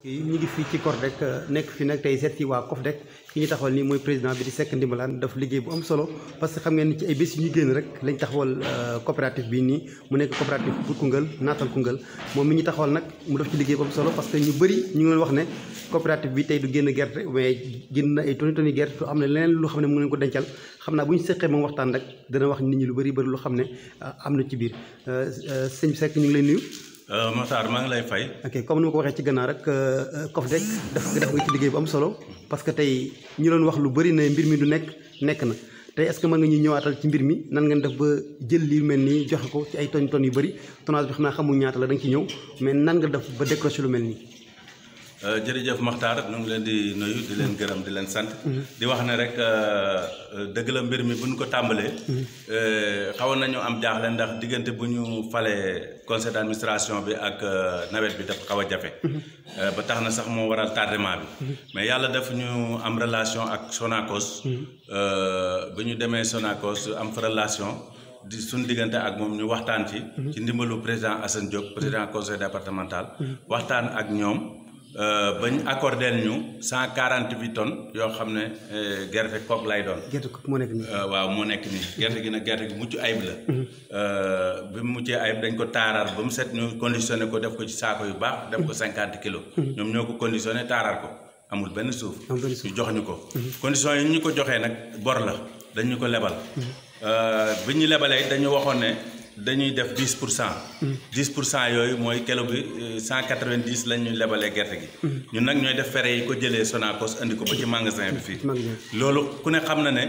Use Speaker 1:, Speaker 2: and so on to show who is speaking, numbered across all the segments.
Speaker 1: kii ñu ngi fii ci Cordec euh, nekk fi nag tey seet si waa Cofdec ki ñu taxawal nii mooy président bi di sekk Ndimbalane daf liggéey bu am solo parce que xam ngeen ni ci ay bés yu ñu génn rek lañ taxawal euh, coopérative bi nii mu nekk coopérative pour Koungheul naatal Koungheul moom mi ñu taxawal nag mu def ci liggéey bu am solo parce que ñu bëri ñu ngi leen wax ne coopérative bi tey du génn gerte mais génn na ay toni toni gerte te am na leneen lu xam ne mu ngi leen ko dencal xam naa bu ñu seqee moom waxtaan rek wax nit ñi lu bëri bëri lu xam ne euh, am na ci biir sëñ ñu ngi lay nuyu
Speaker 2: Euh, Matar maa ngi lay fay.
Speaker 1: ok comme ni ma ko waxee ci gannaaw rek COPEDEC def def nga ci liggéey bu am solo parce que tey ñu doon wax lu bëri ne mbir mi du nekk nekk na tey est ce que mën nga ñuy ñëwaatal ci mbir mi nan ngeen def ba jël li mel nii joxe ko ci ay tonne tonne yu bëri tonnage bi xam naa xamul ñaata la da nga ci ñëw mais nan nga def ba décroché lu mel nii.
Speaker 2: Euh, jërëjëf Makhtar ñu ngi leen di nuyu di leen gërëm di leen sant. Mm-hmm. di wax ne rek euh, euh, dëgg la mbir mi bu ñu ko tàmbalee. Mm-hmm. xawoon nañu am jaaxle ndax diggante bu ñu falee conseil d'administration bi ak nawet bi dafa xaw a jafe. Mm-hmm. ba tax na sax moo waral tardement bi. mais yàlla daf ñu am relation ak Sonacos. bu ñu demee Sonacos am fa relation. di suñ diggante ak moom ñu waxtaan ci. ci ndimbalu président Assane Diop président conseil départemental. waxtaan ak ñoom. Euh, bañ accordé ñu cent quarante huit tonnes yoo xam ne euh, gerte kook lay doon.
Speaker 1: gerte ko moo nekk nii.
Speaker 2: Euh, waaw moo nekk nii gerte gi nag gerte gi mucc ayib la. Mhm. bi mu muccee ayib dañ ko taaraar ba mu set ñu conditionné ko def ko ci saako yu baax. def ko mhm. cinquante kilos. Mhm. ñoom ñoo ko conditionné taaraar ko amul benn suuf. ñu jox ñu ko. condition yi ñu ko joxee nag bor la dañ ñu ko lebal. bi ñu lebalee dañu waxoon ne. dañuy def dix pour cent. dix pour cent yooyu mooy kelo bi euh, cent quatre vingt dix lañ ñu lebalee gerte gi. ñun nag ñooy def fere yi ko jëlee Sonacos andi ko ba ci magasin bi fii. loolu ku ne xam na ne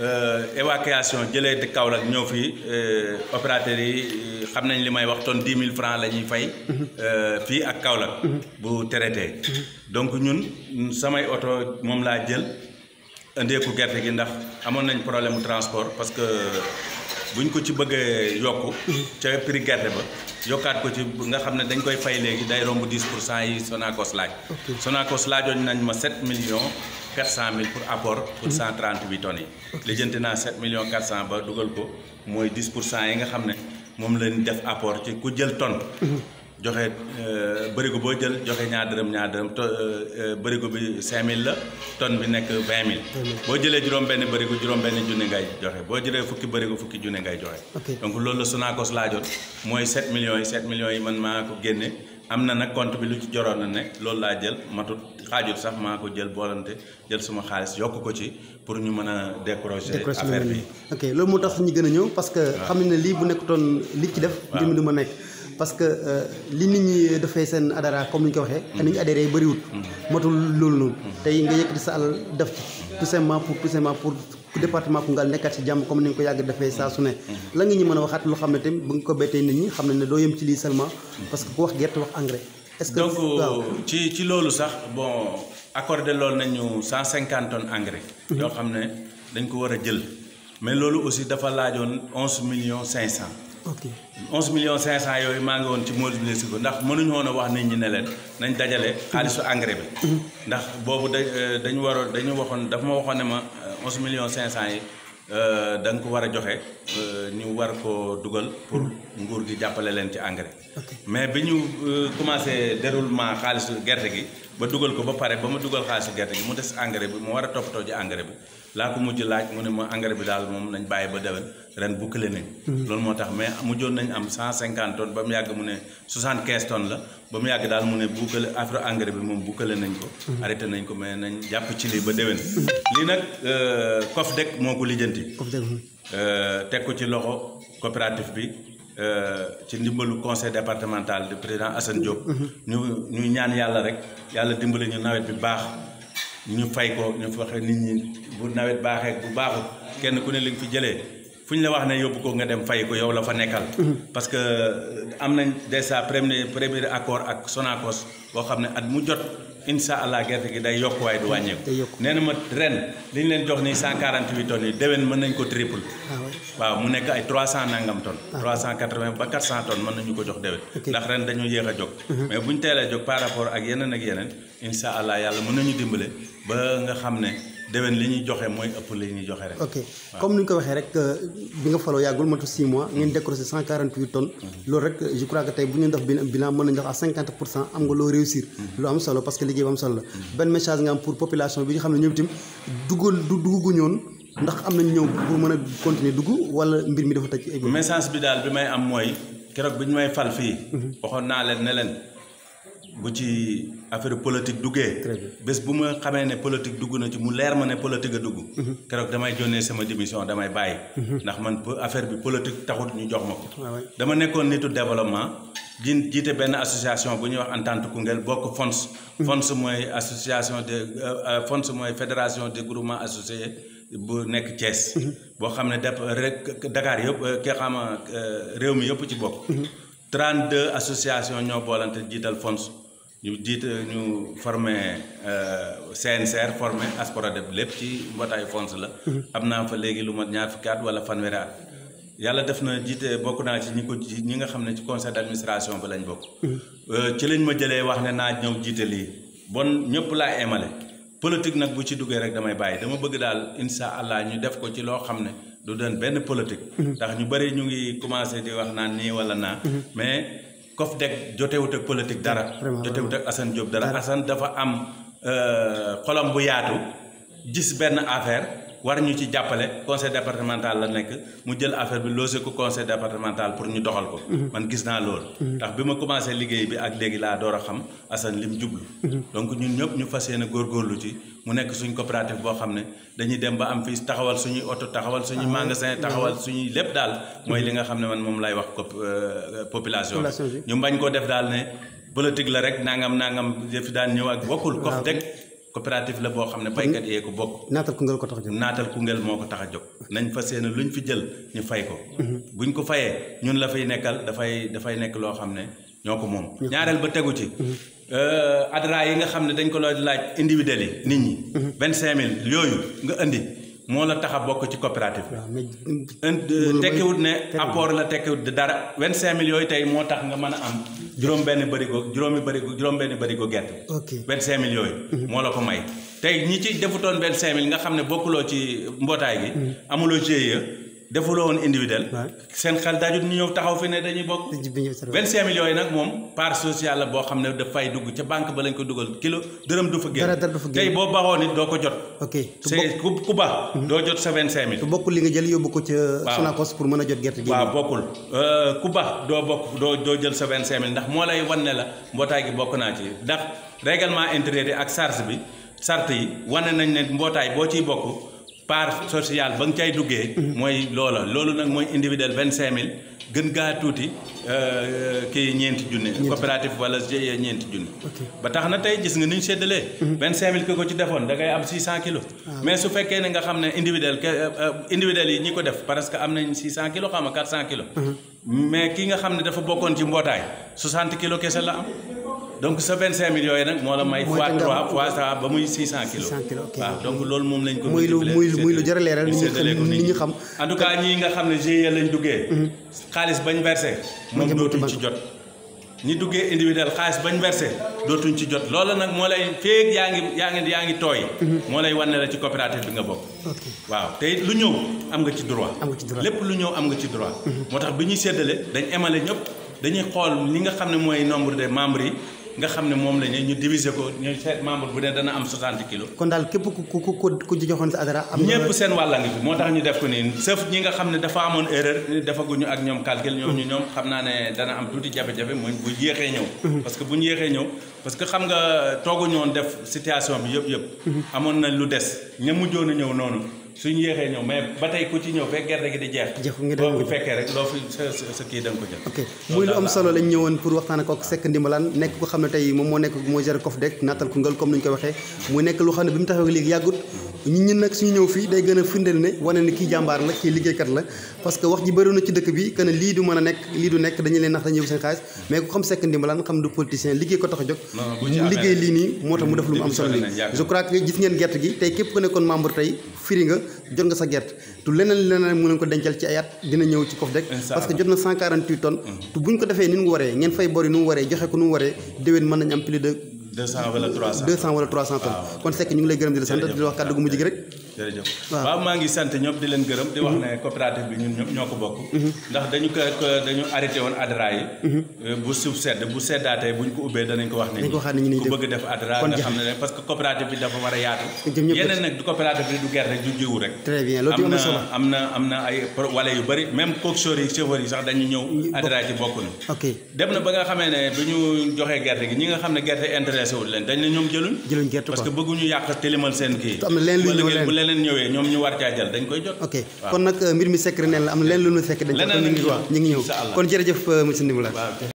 Speaker 2: euh, évacuation jëlee di Kaolack ñëw fii euh, opérateur yi xam nañ li may wax tonne dix mille franc la ñuy fay. fii ak Kaolack. bu traité. donc ñun samay oto moom laa jël. andeeku gerte gi ndax amoon nañ problème mu transport parce que. bu ñu ko ci bëggee yokk ca prix gerte ba yokkaat ko ci nga xam ne dañ koy fay léegi day romb 10 pour cent yi Sonacos laaj Sonacos laajoon nañ ma 7 millions 400 mille pour apport pour 138 mhm. tonnes yi lijjanti naa 7 millions 400 ba dugal ko mooy 10 pour cent yi nga xam ne moom lañ def apport ci ku jël tonne mhm. joxe euh, bërigo boo jël joxe ñaar dërëm ñaar dërëm to euh, euh, bërigo bi 5000 la tonne bi nekk 20000. boo jëlee juróom-benn bërigo juróom-benn junne ngay joxe boo jëlee fukki bërigo fukki junne ngay joxe. donc loolu la Sonacos laa jot mooy 7 millions yi 7 millions yi man maa ko génne am na nag compte bi lu ci joroon na ne loolu laa jël matut xaajut sax maa ko jël boolante jël suma xaalis yokk ko ci pour ñu mën a décrocher affaire bi.
Speaker 1: ok loolu moo tax ñu gën a ñëw parce parce que euh, li nit ñi dafay seen adara comme ni ñu ko waxee. ni ñu adhéré bëriwul. Mm. matul loolu noonu. Mm. tey nga yëkkati sa alal def ci tout simplement pour tout simplement pour département Koungheul nekkaat ci jàmm comme ni nga ko yàgg defee saa su ne. Mm. la nga ñu mën a waxaat loo xam ne tamit bu nga ko bettee nit ñi xam ne ne doo yem ci lii seulement. parce que ku wax gerte wax engrais.
Speaker 2: est-ce euh, ci ci loolu sax bon accordé loolu nañu cent cinquante tonnes engrais. Mm-hmm. yoo xam ne dañ ko war a jël. mais loolu aussi dafa laajoon onze millions cinq cent. ok 11 cinq 500 yooyu maa ngi woon ci mobilisé ko ndax mënuñu woon a wax nit ñi ne leen nañ dajale xaalisu engrais bi. ndax boobu da euh, dañu waroon dañu waxoon dafa ma waxoon ne ma 11 euh, millions 500 yi euh, da nga ko war a joxe ñu war ko dugal pour nguur gi jàppale leen ci engrais. mais bi ñu commencé déroulement xaalisu gerte gi ba dugal ko ba pare ba ma dugal xaalisu gerte gi mu des engrais bi mu war a toppatoo ci engrais bi. laa ko mujj laaj mu ne ma engrais bi daal moom nañ bàyyi ba déwén ren boucler nañ. Mhm. loolu moo tax mais mujjoon nañ am cent cinquante tonnes ba mu yàgg mu ne soixante quinze tonnes la ba mu yàgg daal mu ne boucler afro engrais bi moom boucler nañ ko. Mhm. arrêté nañ ko mais nañ jàpp ci lii ba déwén. Mhm. lii nag euh, COFDEC moo ko lijjanti. COFDEC euh, teg ko ci loxo coopérative bi. Euh, ci ndimbalu conseil départemental du président Assane Diop. ñu ñu ñaan yàlla rek yàlla dimbali ñu nawet bi baax. ñu fay ko ñu wax nit ñi bu nawet baaxee bu baaxut kenn ku ne li nga fi jëlee fu ñu la wax ne yóbbu ko nga dem fay ko yow la fa nekkal. Mhm. parce que euh, am nañ déjà premier premier accord ak Sonacos boo xam ne at mu jot incha allah gerte gi day yokk waaye du wàññeeku. nee na ma ren li ñu leen jox nii 148 tonnes yi déwén mën nañ ko triple. Ah waaw mu nekk ay 300 nangam tonnes. 380 ah. ba 400 tonnes mën nañu ko jox déwén. ndax ren dañu yéex a jóg. Mhm. mais bu ñu teelee jóg par rapport ak yeneen ak yeneen. insa allah yàlla mën nañu dimbale ba nga xam ne déwén li ñuy joxe mooy ëpp li ñuy joxe rek. ok
Speaker 1: comme ni ñu ko waxee rek euh, bi nga faloo yàggul matu 6 mois ngeen décroché 148 tonnes. Mhm. loolu rek je crois que bu ñu def bilan mën nañu wax à 50 pour am nga loo réussir. Mhm. lu am solo parce que liggéey bu am solo la. Mhm. benn message nga am pour population bi nga xam ne ñoom itam duggoon du ñoon ndax am nañ ñëw pour mën a continuer dugg wala mbir mi dafa tëj.
Speaker 2: message bi daal bi may am mooy keroog bi naa leen ne leen. bu ci affaire politique duggee. bés bu ma xamee ne politique dugg na ci mu leer ma ne politique a dugg. Mhm. keroog damay jónnee sama démission damay bàyyi. Mhm. ndax man affaire bi politique taxut ñu jox ma ko. Ah dama nekkoon nitu développement. di jiite benn association bu ñuy wax ku Koungheul bokk FONS. Mhm. FONS mooy association de euh, euh, FONS mooy fédération de groupement associés bu nekk Thiès. boo xam ne def rek Dakar yëpp euh, kii xam réew mi yëpp ci bokk. 32 associations ñoo boolante jiital FONS ñu jiit ñu formé euh, CNCR formé aspora bi lépp ci mbootaayu FONS la. Mm-hmm. am naa fa léegi lu mat ñaar fukki at wala fanweeri at yàlla def na jiite bokk naa ci ñi ko ji ñi nga xam ne ci conseil d'administration bi lañ bokk. Mm-hmm. Euh, ci lañ ma jëlee wax ne naa ñëw jiite lii bon ñëpp laa emale politique nag bu ci duggee rek damay bàyyi dama bëgg daal incha allah ñu def ko ci loo xam ne. du doon benn politique. ndax ñu bëri ñu ngi commencé di wax naan nii wala naa. mais kof deg jotewut ak politique dara. jotewut ak Assane Diop dara. asan dafa am euh, xolam bu yaatu. gis benn affaire. war ñu ci jàppale conseil départemental la nekk mu jël affaire bi logé ko conseil départemental pour ñu doxal ko. Mhm. man gis naa loolu. Mhm. ndax bi ma commencé liggéey bi ak léegi laa door a xam Assane lim jublu. Mhm. donc ñun ñëpp ñu fas yéene góorlu ci mu nekk suñu coopérative boo xam ne dañuy dem ba am fii taxawal suñuy oto taxawal suñuy ah, magasin taxawal suñuy lépp daal mooy li nga xam ne man moom lay wax euh, population bi. ñu bañ ko def daal ne politique la rek nangam nangam yëf daan ñëw ak bokkul. Ah, kof dëkk coopérative la boo xam ne baykat yee ko bokk. naatal Koungheul ko tax a jóg naatal Koungheul moo ko tax a jóg. nañ fas yéene luñ fi jël ñu fay ko. Mhm. buñ ko fayee ñun la fay nekkal dafay dafay nekk loo xam ne ñoo ko moom. ñaareel ba tegu ci. Mhm. Euh, adra yi nga xam ne dañ ko looy laaj individuel yi nit ñi. Mhm. vingt cinq mille yooyu nga indi moo la tax a bokk ci coopérative euh, tekkiwut ne apport la tekkiwut dara vingt cinq mille yooyu tey moo tax nga mën a am. juróom benn barigo juróomi barigo juróom benn barigo gerte. ok vingt cinq mille yooyu. Mhm. moo la ko may tey ñi ci defutoon vingt cinq mille nga xam ne bokkuloo ci mbootaay gi. Mhm. amuloo ci GIE. defuloo woon individuel. seen xel daajut ñu ñëw taxaw fi ne dañuy
Speaker 1: bokk. vingt-cinq
Speaker 2: millions yi nag moom part sociale la boo xam ne dafay dugg ca banque ba lañ ko dugal kilo dërëm du fa génn. tey boo baxoon it doo ko jot. ok ku ku ba. Mhm. doo jot sa
Speaker 1: vingt-cinq mille. ku bokkul li nga jël yóbbu ko ca. Sonacos pour mën a jot gerte gi. waaw bokkul
Speaker 2: euh, ku ba doo bokk doo doo jël sa vingt-cinq mille ndax moo lay wan ne la mbootaay gi bokk naa ci ndax règlement intérieur yi ak charge bi charte yi wane nañ ne mbootaay boo ciy bokk. par sociale ba nga cay duggee. mooy loola loolu nag mooy individuel vingt cinq mille gën gaa tuuti euh, kii ñeenti junne. coopérative wala GIE ñeenti junne. ba tax na tey gis nga ni ñu seddalee mhm. vingt cinq mille ki ko ci defoon da ngay am six cent kilos. Ah. mais su fekkee ne nga xam ne individuel euh, euh, individuel yi ñi ko def parce que am nañ six cent kilos xam nga quatre cent kilos. Mhm. mais ki nga xam ne dafa bokkoon ci mbootaay soixante kilos kese la am. donc sa 25000 yooyu nag moo la may. fois 3 fois 3 ba muy donc loolu moom lañ ko. muy lu
Speaker 1: muy muy lu jar a leeral
Speaker 2: ñu xam en tout cas nga xam ne GIE lañ duggee. Mhm. xaalis bañ versé. moom dootuñ ci jot. ñi duggee individuel xaalis bañ verse dootuñ ci jot loolu nag moo lay feeg yaa ngi yaa ngi yaa ngi tooy. Mhm. moo lay wan ne la ci coopérative bi nga bokk. waaw te lu ñëw am nga ci droit. am nga ci droit lépp lu ñëw am nga ci droit. Mhm. moo tax bi ñuy séddale dañ emale ñëpp dañuy xool li nga xam ne mooy nombre de membres yi nga xam ne moom la ñu ñu diviser ko ñu seet membre bu dee dana am 60 kilos.
Speaker 1: kon daal képp ku ku ku ku joxoon sa adara. am
Speaker 2: ñëpp seen wàlla ngi moo tax ñu def ko nii sauf ñi nga xam ne dafa amoon erreur defaguñu ak ñoom calcul. ñu ñoom xam naa ne dana am tuuti jafe-jafe mooy bu yéexee ñëw. Mhm. parce que bu ñu yéexee ñëw parce que xam nga tooguñu woon def situation bi yëpp yëpp. Mhm. amoon na lu des ña mujjoon a ñëw noonu. suñu yéexee ñëw mais ba tey ku ci ñëw fekk gerte gi di jeex. jeexu nga dem bu fekkee rek loo fi sa sa kii da ko jël. ok
Speaker 1: muy lu am solo lañ ñëwoon pour waxtaan ak Seck Ndimbalane nekk ko xam ne tey moom moo nekk moo géré Cofdek naatal Koungheul comme ni ñu ko waxee. muy nekk lu xam ne bi mu taxawee léegi yàggut ñun ñun nag suñu ñëw fii day gën a firndeel ne wane ne kii jàmbaar la kii liggéeykat la parce que wax ji bëri na ci dëkk bi que lii du mën a nekk lii du nekk dañu leen nax dañuy sa gerte tu leneen leneen mu leen ko dencal ci ayaat dina ñëw ci COFDEC parce que jot na 148 tonnes mhm. tu buñ ko defee ni mu waree ngeen fay bori nu waree joxe ko nu waree déwén mën nañ am plus de
Speaker 2: 200 wala 300 200
Speaker 1: wala 300 ah, kon sekk ñu ngi lay gërëm di la sant di la wax kàddu gu mujj gi jërëjëf waaw
Speaker 2: maa ngi sant ñëpp di leen gërëm di wax ne mhm. coopérative bokk mhm. ndax dañu ko dañu arrêté woon adra mhm. euh, bu suuf sedd bu seddaatee bu ñu ko ubbee danañ ko wax ne ñu bëgg def adra nga xam ne parce que coopérative bi dafa war a yaatu yeneen nag du gerte du jiwu rek
Speaker 1: am na
Speaker 2: am na am na ay wala yu bëri même coxeur yi chauffeur yi sax dañu ñëw adra ci bokk na dem na ba nga xamee ne bi ñu joxee gerte gi ñi nga xam ne gerte intéressé wul leen dañ ne ñoom jëluñ jëluñ gerte parce que bëgguñu yàq tilimal seen kii leneen ñëwee ñoom ñu war caa jël dañ
Speaker 1: koy jot. ok kon nag euh, mbir mi sekk neen la am na leneen lu ñu fekk dañ ko. ñu ngi ñëw kon jërëjëf euh, monsieur Ndimbu